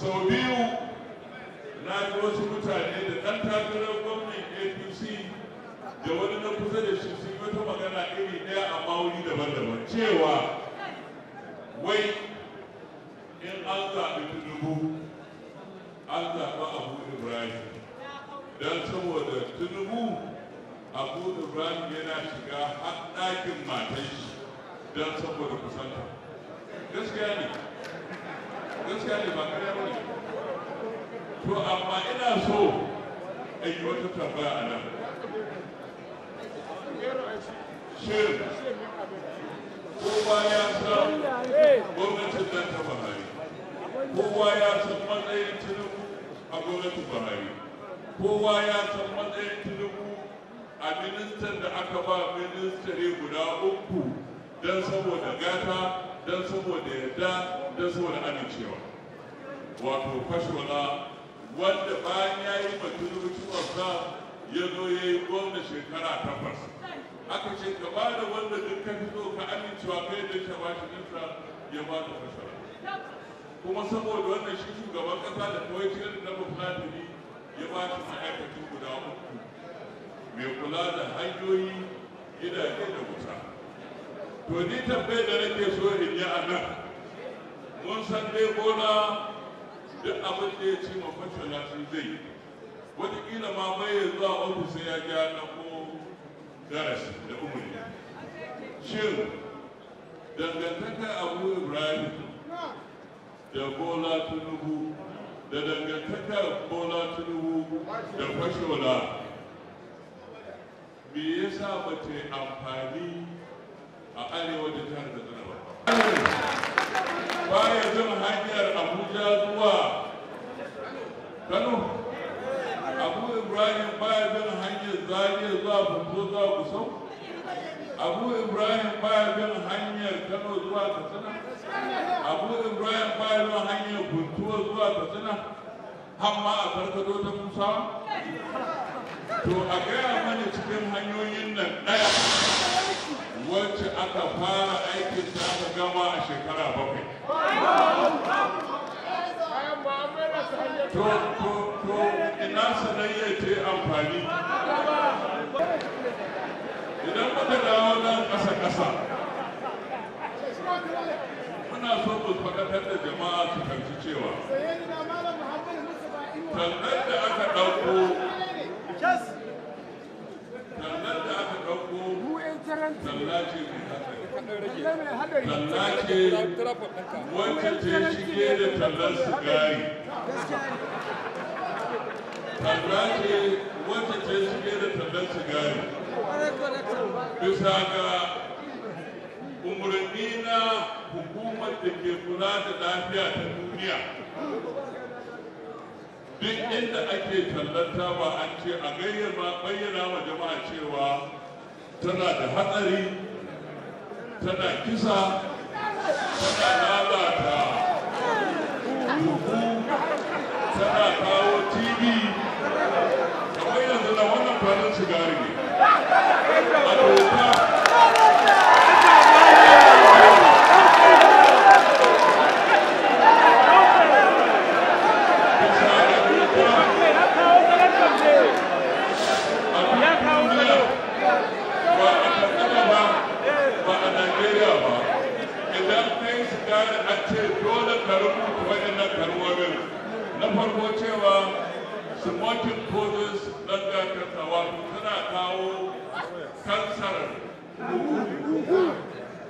sau biyu na ji wasu mutane da ɗan takarar gwamnan apc da wani na kusa da shi sun wata magana iri ɗaya a ma'auni daban-daban cewa wai in an zaɓi tinubu an zaɓi abu ibrahim don saboda tinubu abu ibrahim yana shiga haɗakin matan shi don saboda kusanta gaskiya ne gaskiya ne ba ƙarya ba ne to amma ina so a yi wata tambaya a nan shin kowa ya san gwamnatin nan ta bahari kowa ya san matsayin tinubu a gwamnatin bahari kowa ya san matsayin tinubu a ministan da aka ba ministare guda uku don saboda gata don saboda yadda. don saboda amincewa wato fashola wanda bayan ya yi batun sa ya zo ya yi gwamna shekara takwas aka ce ka da wanda duk ka so ka amincewa kai da shi ɗinsa ya ba da fashola kuma saboda wannan shi shugaban ƙasa da kawai cikin na bafulatani ya ba shi ma'aikacin guda uku mai kula da hanyoyi gidaje da wuta to ni tambayar da nake so in yi a nan mun san dai na duk abin da ya ci mafashala sun zai Wani wataƙila ma mai ya zuwa ofisai ya ja na ko darasi da umarni shin dangantaka abu ibrahim da bola tunubu da dangantaka bola tunubu da fashola me yasa ba ta amfani a arewa da jihar baya bin hanyar abuja zuwa kano abu ibrahim baya bin hanyar zariya zuwa bunzo zuwa gusau abu ibrahim baya bin hanyar kano zuwa katsina abu ibrahim baya bin hanyar buntuwa zuwa katsina hamma a farfado ta musa to a gaya mana cikin hanyoyin nan ɗaya wacce aka fara aikin ta aka gama a shekara bakwai to to to ina sanayya ce amfani idan muka dawo nan ƙasa ƙasa muna so mu fakatar da jama'a su karci cewa tallar da aka ɗauko tallace wacce ce shige da tallar sigari tallace wacce ta shige da tallar sigari bisa ga umarni na hukumar da ke kula da lafiya ta duniya duk inda ake tallata ba an ce a gayyama bayyana wa jama'a cewa tana da hatsari tana kisa tana lalata tana kawo tv da a ce dole ka rubuta waɗannan kalmomin na farko cewa smoking causes lung cancer wato tana kawo kansar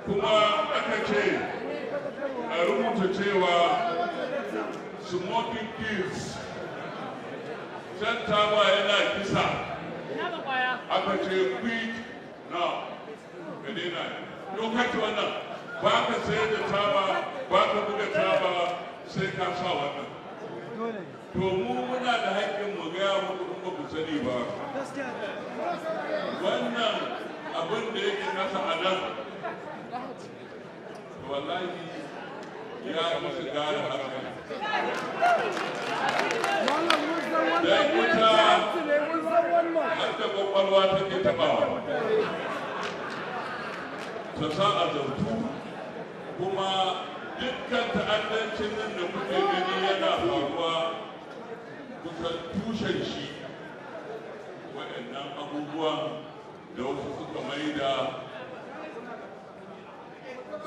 kuma aka ce a rubuta cewa smoking kills shan taba yana kisa aka ce quit now ka daina yau kaci wannan ba ka sayar da ba buga taba sai ka sa wannan to muna da haƙƙin mu gaya muku kuma ku sani ba wannan abin da yake nasa a nan wallahi ya yi musu gane haka dan wuta har da kwakwalwa take taɓawa, ta sa a zartu kuma dukkan ta'addancin nan da kuke gani yana faruwa kusan tushen shi waɗannan abubuwan da wasu suka mai da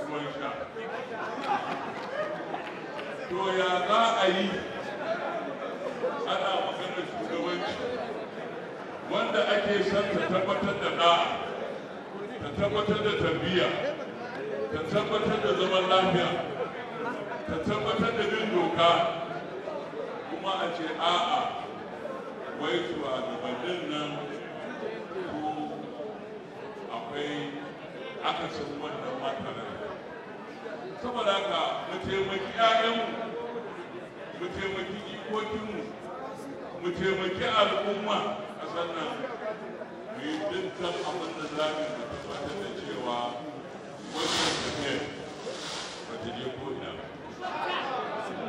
ruwan sha to ya za a yi ana magana shugabanci wanda ake son ta tabbatar da ɗa ta tabbatar da tarbiyya ta tabbatar da zaman lafiya ta tabbatar da bin doka kuma a ce a'a wai shugabannin nan ko akwai akasin wannan matsalar saboda ka, mu taimaki 'ya'yanmu mu taimaki ikokinmu, mu taimaki al'umma a sannan mu yi dukkan abin da za da tabbatar da cewa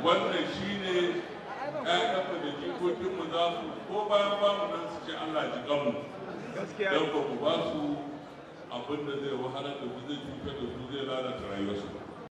wannan shi ne ‘ya'yanmu da jikokinmu za su ko bayan bamu nan su ce Allah ji gamu don ba ku ba su abin da zai wahalar da ku zai cutar da su zai lalata rayuwarsu ba